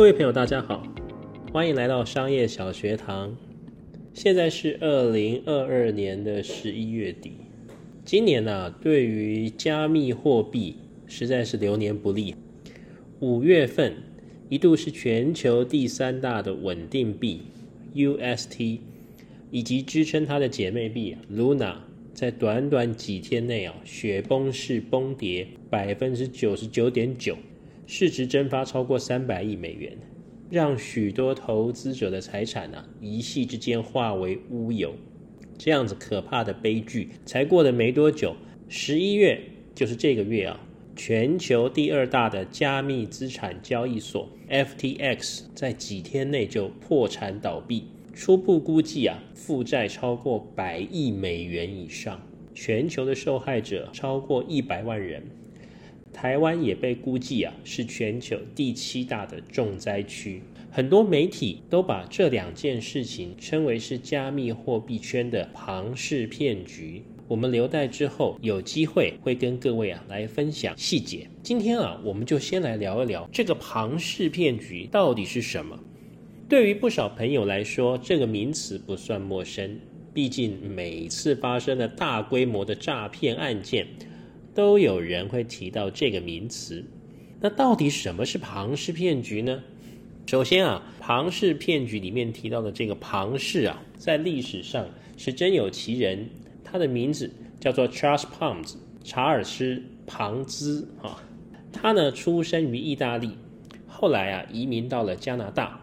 各位朋友，大家好，歡迎來到商業小學堂。現在是二零二二年的十一月底。今年呢、啊，對於加密貨幣實在是流年不利。五月份一度是全球第三大的穩定幣 UST，以及支撐它的姐妹幣 Luna，在短短幾天內啊，雪崩式崩跌百分之九十九點九。市值蒸發超過三百億美元，讓許多投資者的財產呢、啊，一夕之間化為烏有。這樣子可怕的悲劇才過了沒多久，十一月就是這個月啊，全球第二大的加密資產交易所 FTX 在幾天內就破產倒閉。初步估計啊，負債超過百億美元以上，全球的受害者超過一百萬人。台灣也被估計啊是全球第七大的重災區，很多媒體都把這兩件事情稱為是加密貨幣圈的龐氏騙局。我們留待之後有機會會跟各位啊來分享細節。今天啊我們就先來聊一聊這個龐氏騙局到底是什麼？對於不少朋友來說，這個名詞不算陌生，畢竟每次發生了大規模的詐騙案件。都有人會提到這個名詞，那到底什麼是龐氏騙局呢？首先啊，龐氏騙局裡面提到的這個龐氏啊，在歷史上是真有其人，他的名字叫做 Charles p o n z s 查爾斯·龐茲啊，他呢出生於意大利，後來啊移民到了加拿大，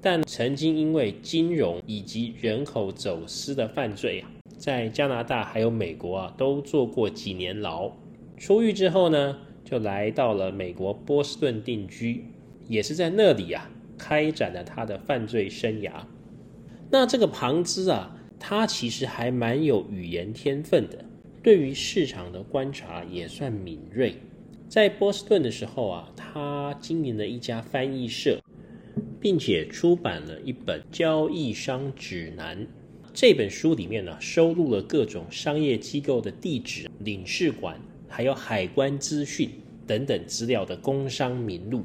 但曾經因為金融以及人口走私的犯罪啊。在加拿大還有美國啊，都坐過幾年牢。出獄之後呢，就來到了美國波士頓定居，也是在那裡啊，開展了他的犯罪生涯。那這個龐茲啊，他其實還蠻有語言天分的，對於市場的觀察也算敏銳。在波士頓的時候啊，他經營了一家翻譯社，並且出版了一本《交易商指南》。這本書裡面呢，收錄了各種商業機構的地址、領事館、還有海關資訊等等資料的工商名錄。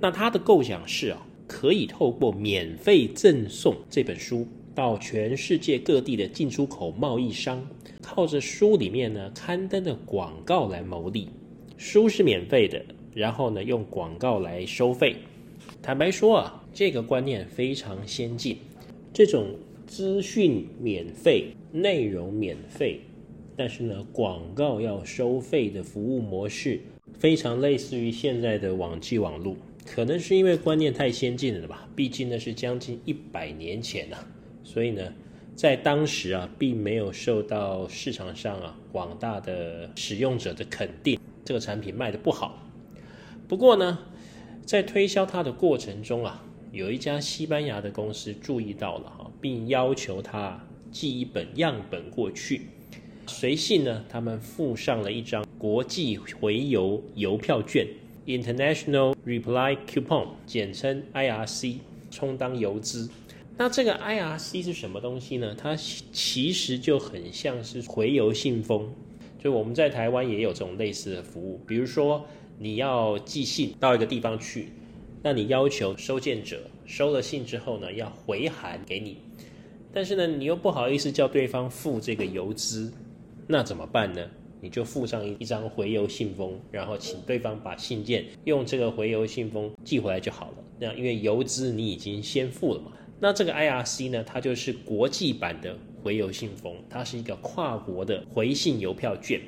那他的構想是啊，可以透過免費贈送這本書到全世界各地的進出口貿易商，靠着書裡面呢刊登的廣告來牟利。書是免費的，然後呢用廣告來收費。坦白說啊，這個觀念非常先進，這種。資訊免費，內容免費，但是呢，廣告要收費的服務模式，非常類似於現在的網際網絡。可能是因為觀念太先進了吧，畢竟呢是將近一百年前了啊，所以呢，在當時啊，並沒有受到市場上啊廣大的使用者的肯定，這個產品賣得不好。不過呢，在推銷它的過程中啊，有一家西班牙的公司注意到了哈啊。並要求他寄一本樣本過去。隨信呢，他們附上了一張國際回郵郵票券 （International Reply Coupon，簡稱 IRC），充當郵資。那這個 IRC 是什麼東西呢？它其實就很像是回郵信封。就我們在台灣也有這種類似的服務，比如說你要寄信到一個地方去，那你要求收件者收了信之後呢，要回函給你。但是呢，你又不好意思叫對方付這個郵資，那怎麼辦呢？你就附上一張回郵信封，然後請對方把信件用這個回郵信封寄回來就好了。那因為郵資你已經先付了嘛，那這個 IRC 呢，它就是國際版的回郵信封，它是一個跨國的回信郵票券。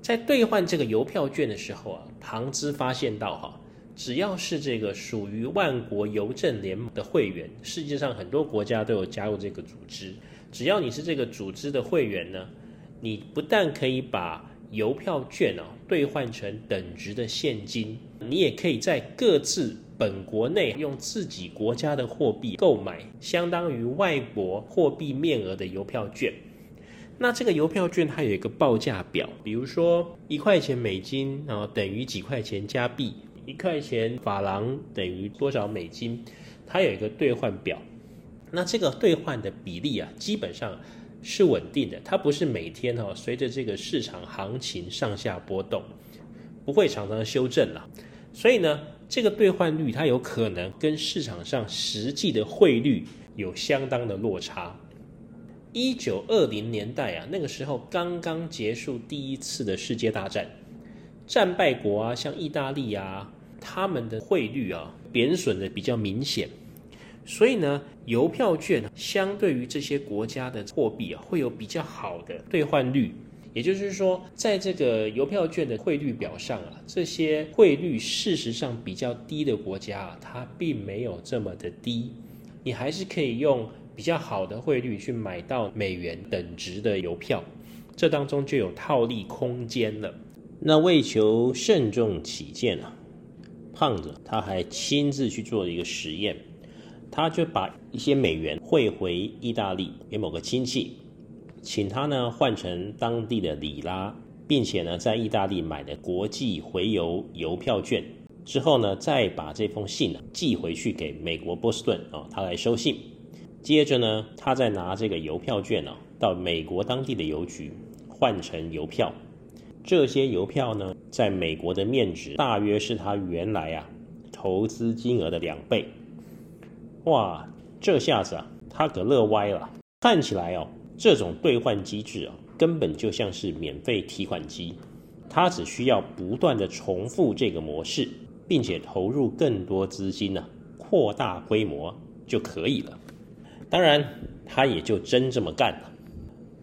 在兌換這個郵票券的時候啊，龐茲發現到哈。只要是這個屬於萬國郵政聯盟的會員，世界上很多國家都有加入這個組織。只要你是這個組織的會員呢，你不但可以把郵票券哦，兌換成等值的現金，你也可以在各自本國內用自己國家的貨幣購買相當於外國貨幣面額的郵票券。那這個郵票券它有一個報價表，比如說一塊錢美金，然後等於幾塊錢加幣。一塊錢法郎等於多少美金？它有一個兌換表，那這個兌換的比例啊，基本上是穩定的，它不是每天哦隨着這個市場行情上下波動，不會常常修正了啊。所以呢，這個兌換率它有可能跟市場上實際的匯率有相當的落差。一九二零年代啊，那個時候剛剛結束第一次的世界大戰。戰敗國啊，像意大利啊，他們的匯率啊，貶損的比較明顯，所以呢，郵票券相對於這些國家的貨幣啊，會有比較好的兌換率。也就是說，在這個郵票券的匯率表上啊，這些匯率事實上比較低的國家啊，它並沒有這麼的低，你還是可以用比較好的匯率去買到美元等值的郵票，這當中就有套利空間了。那為求慎重起見呢、啊，胖子他還親自去做了一個實驗，他就把一些美元匯回意大利給某個親戚，請他呢換成當地的里拉，並且呢在意大利買的國際回郵郵票券，之後呢再把這封信呢寄回去給美國波士頓啊，他來收信，接着呢他再拿這個郵票券呢、啊、到美國當地的郵局換成郵票。這些郵票呢，在美國的面值大約是他原來啊投資金額的兩倍，哇，這下子啊，他可樂歪了。看起來哦，這種兌換機制啊，根本就像是免費提款機，他只需要不斷地重複這個模式，並且投入更多資金呢，啊，擴大規模就可以了。當然，他也就真這麼幹了。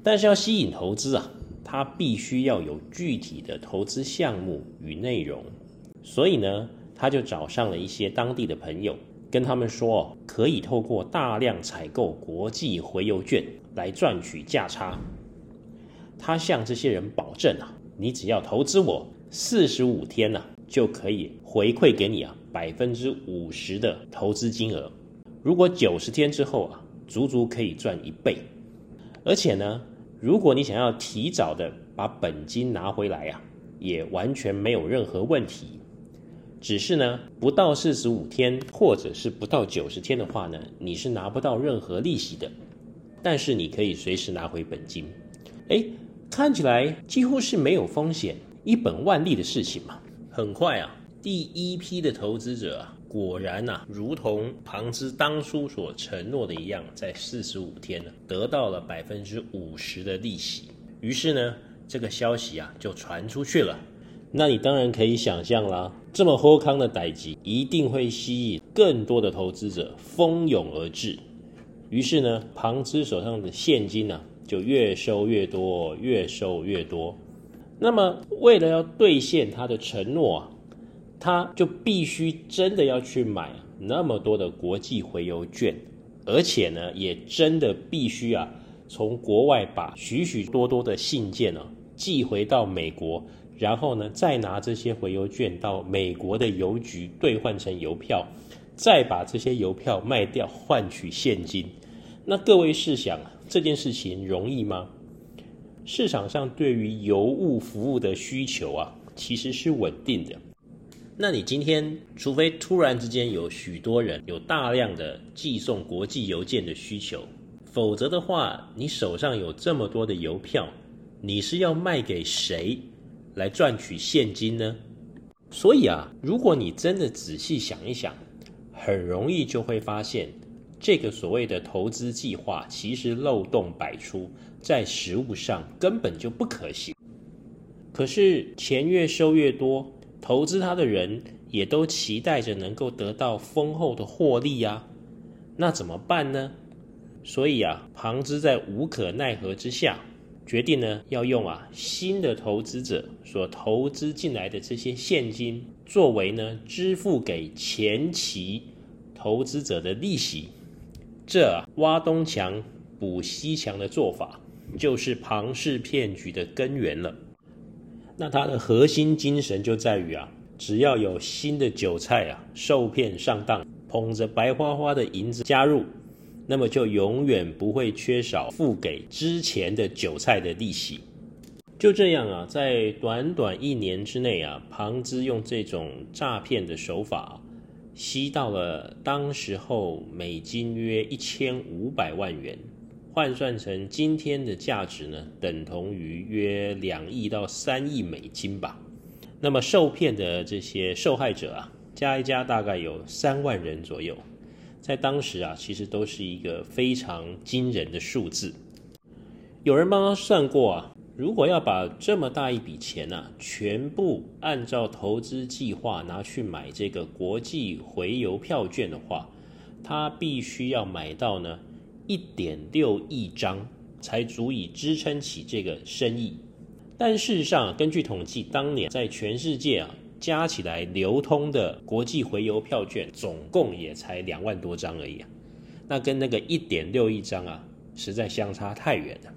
但是要吸引投資啊。他必須要有具體的投資項目與內容，所以呢，他就找上了一些當地的朋友，跟他們說，可以透過大量採購國際回郵券來賺取價差。他向這些人保證啊，你只要投資我四十五天呢、啊，就可以回饋給你啊百分之五十的投資金額。如果九十天之後啊，足足可以賺一倍，而且呢。如果你想要提早的把本金拿回來呀、啊，也完全沒有任何問題。只是呢，不到四十五天或者是不到九十天的話呢，你是拿不到任何利息的。但是你可以隨時拿回本金。哎，看起來幾乎是沒有風險，一本萬利的事情嘛。很快啊，第一批的投資者啊。果然吶、啊，如同龐茲當初所承諾的一樣，在四十五天呢，得到了百分之五十的利息。於是呢，這個消息啊就傳出去了。那你當然可以想象啦，這麼好康的代誌，一定會吸引更多的投資者蜂擁而至。於是呢，龐茲手上的現金呢、啊、就越收越多，越收越多。那麼，為了要兌現他的承諾、啊。他就必須真的要去買那麼多的國際回郵券，而且呢，也真的必須啊，從國外把許許多多的信件呢、啊、寄回到美國，然後呢，再拿這些回郵券到美國的郵局兌換成郵票，再把這些郵票賣掉換取現金。那各位試想，這件事情容易嗎？市場上對於郵務服務的需求啊，其實是穩定的。那你今天，除非突然之間有許多人有大量的寄送國際郵件的需求，否則的話，你手上有這麼多的郵票，你是要賣給誰來賺取現金呢？所以啊，如果你真的仔細想一想，很容易就會發現，這個所謂的投資計劃其實漏洞百出，在實務上根本就不可行。可是錢越收越多。投資他的人也都期待着能夠得到豐厚的獲利啊，那怎麼辦呢？所以啊，龐茲在無可奈何之下，決定呢，要用啊新的投資者所投資進來的這些現金，作為呢支付給前期投資者的利息。這啊，挖東牆補西牆的做法，就是龐氏騙局的根源了。那它的核心精神就在於啊，只要有新的韭菜啊受騙上當，捧着白花花的銀子加入，那麼就永遠不會缺少付給之前的韭菜的利息。就這樣啊，在短短一年之內啊，龐茲用這種詐騙的手法，啊，吸到了當時候美金約一千五百萬元。換算成今天的價值呢，等同於約兩億到三億美金吧。那麼受騙的這些受害者啊，加一加大概有三萬人左右，在當時啊，其實都是一個非常驚人的數字。有人幫他算過啊，如果要把這麼大一筆錢呢啊，全部按照投資計劃拿去買這個國際回郵票券的話，他必須要買到呢，一點六億張才足以支撐起這個生意，但事實上，根據統計，當年在全世界啊，加起來流通的國際回郵票券總共也才兩萬多張而已啊，那跟那個一點六億張啊，實在相差太遠了。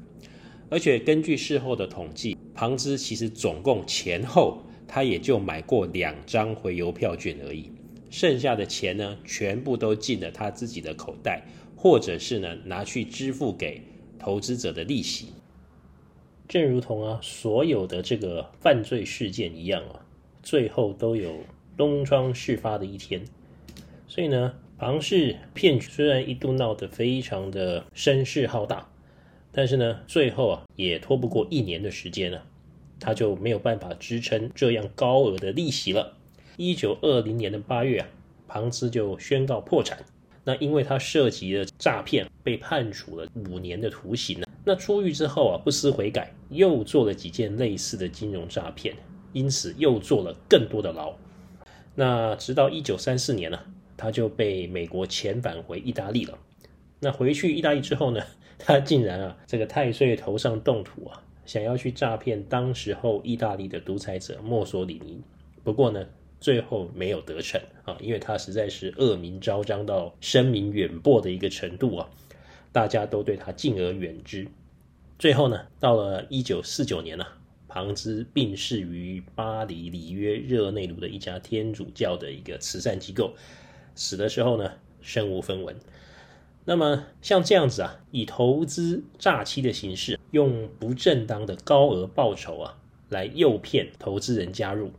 而且根據事後的統計，龐茲其實總共前後他也就買過兩張回郵票券而已，剩下的錢呢，全部都進了他自己的口袋。或者是呢，拿去支付給投資者的利息，正如同啊，所有的這個犯罪事件一樣啊，最後都有東窗事發的一天。所以呢，龐氏騙局雖然一度鬧得非常的聲勢浩大，但是呢，最後啊，也拖不過一年的時間啊，他就沒有辦法支撐這樣高額的利息了。一九二零年的八月啊，龐茲就宣告破產。那因為他涉及了詐騙，被判處了五年的徒刑。那出獄之後啊，不思悔改，又做了幾件類似的金融詐騙，因此又坐了更多的牢。那直到一九三四年呢、啊，他就被美國遣返回意大利了。那回去意大利之後呢，他竟然啊，這個太歲頭上動土啊，想要去詐騙當時候意大利的獨裁者墨索里尼。不過呢。最後沒有得逞啊，因為他實在是惡名昭彰到聲名遠播的一個程度啊，大家都對他敬而遠之。最後呢，到了一九四九年呢啊，龐茲病逝於巴黎里約熱內盧的一家天主教的一個慈善機構，死的時候呢，身無分文。那麼像這樣子啊，以投資詐欺的形式，用不正當的高額報酬啊，來誘騙投資人加入，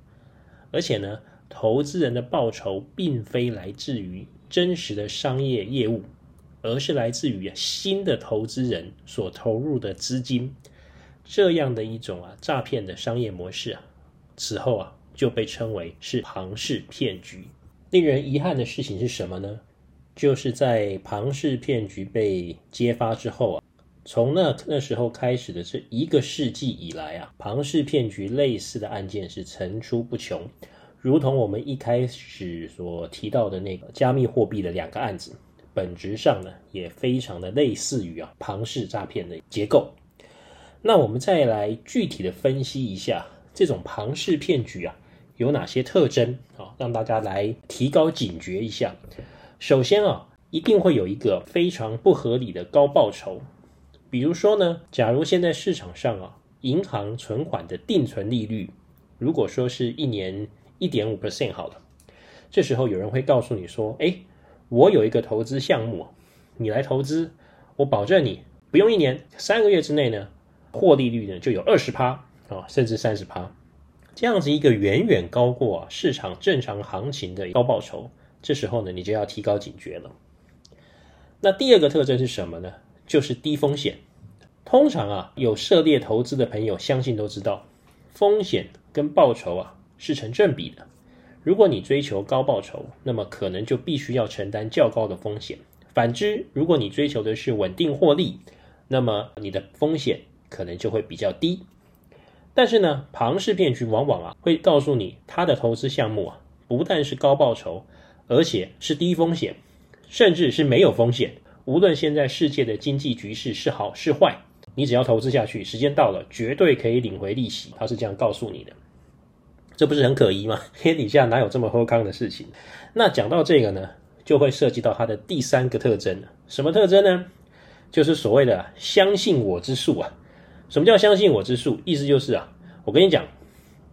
而且呢。投資人的報酬並非來自於真實的商業業務，而是來自於新的投資人所投入的資金，這樣的一種啊詐騙的商業模式啊，此後啊就被稱為是龐氏騙局。令人遺憾的事情是什麼呢？就是在龐氏騙局被揭發之後啊，從那那時候開始的這一個世紀以來啊，龐氏騙局類似的案件是層出不窮。如同我們一開始所提到的那個加密貨幣的兩個案子，本質上呢也非常的類似於啊龐氏詐騙的結構。那我們再來具體的分析一下這種龐氏騙局啊有哪些特徵啊，讓大家來提高警覺一下。首先啊，一定會有一個非常不合理的高報酬。比如說呢，假如現在市場上啊銀行存款的定存利率，如果說是一年。一點五 percent 好了，這時候有人會告訴你說：“誒，我有一個投資項目，你來投資，我保證你不用一年三個月之內呢，獲利率呢就有二十趴啊，甚至三十趴，這樣子一個遠遠高過、啊、市場正常行情的高報酬。”這時候呢，你就要提高警覺了。那第二個特徵是什麼呢？就是低風險。通常啊，有涉獵投資的朋友相信都知道，風險跟報酬啊。是成正比的。如果你追求高報酬，那麼可能就必須要承擔較高的風險。反之，如果你追求的是穩定獲利，那麼你的風險可能就會比較低。但是呢，龐氏騙局往往啊會告訴你，他的投資項目啊不但是高報酬，而且是低風險，甚至是沒有風險。無論現在世界的經濟局勢是好是壞，你只要投資下去，時間到了絕對可以領回利息。他是這樣告訴你的。這不是很可疑嗎？天底下哪有這麼好康的事情？那講到這個呢，就會涉及到它的第三個特徵。什麼特徵呢？就是所謂的“相信我之術”啊。什麼叫“相信我之術”？意思就是啊，我跟你講，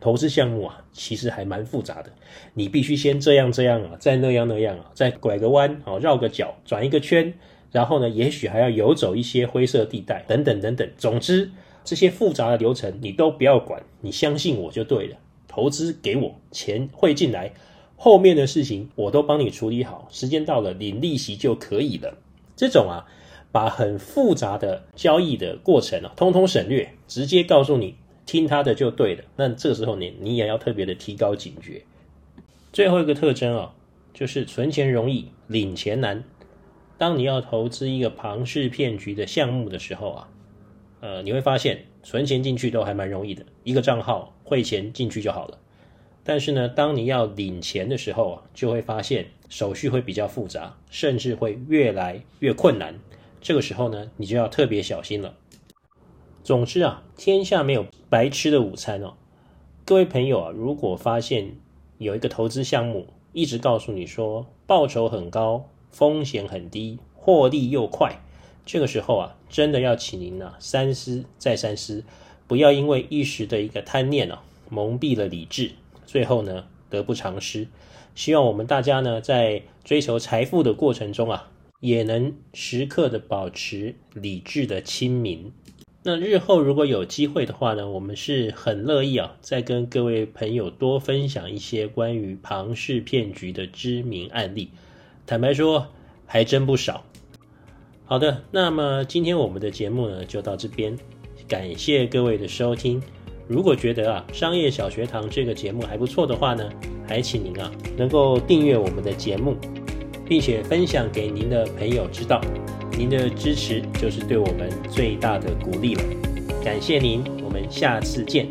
投資項目啊，其實還蠻複雜的。你必須先這樣這樣啊，再那樣那樣啊，再拐個彎啊，繞個角，轉一個圈，然後呢，也許還要游走一些灰色地帶，等等等等。總之，這些複雜的流程你都不要管，你相信我就對了。投資給我錢會進來，後面的事情我都幫你處理好，時間到了領利息就可以了。這種啊，把很複雜的交易的過程啊，通通省略，直接告訴你，聽他的就對了。那這個時候你你也要特別的提高警覺。最後一個特徵啊，就是存錢容易，領錢難。當你要投資一個龐氏騙局的項目的時候啊，呃，你會發現存錢進去都還蠻容易的，一個賬號。匯錢進去就好了，但是呢，當你要領錢的時候啊，就會發現手續會比較複雜，甚至會越來越困難。這個時候呢，你就要特別小心了。總之啊，天下沒有白吃的午餐哦。各位朋友啊，如果發現有一個投資項目一直告訴你說報酬很高，風險很低，獲利又快，這個時候啊，真的要請您呢，啊、三思再三思。不要因為一時的一個貪念啊，蒙蔽了理智，最後呢，得不償失。希望我們大家呢，在追求財富的過程中啊，也能時刻的保持理智的清明。那日後如果有機會的話呢，我們是很樂意啊，再跟各位朋友多分享一些關於龐氏騙局的知名案例。坦白說，還真不少。好的，那麼今天我們的節目呢就到這邊。感謝各位的收聽。如果覺得啊，商業小學堂這個節目還不錯的話呢，還請您啊能夠訂閱我們的節目，並且分享給您的朋友知道。您的支持就是對我們最大的鼓勵了。感謝您，我們下次見。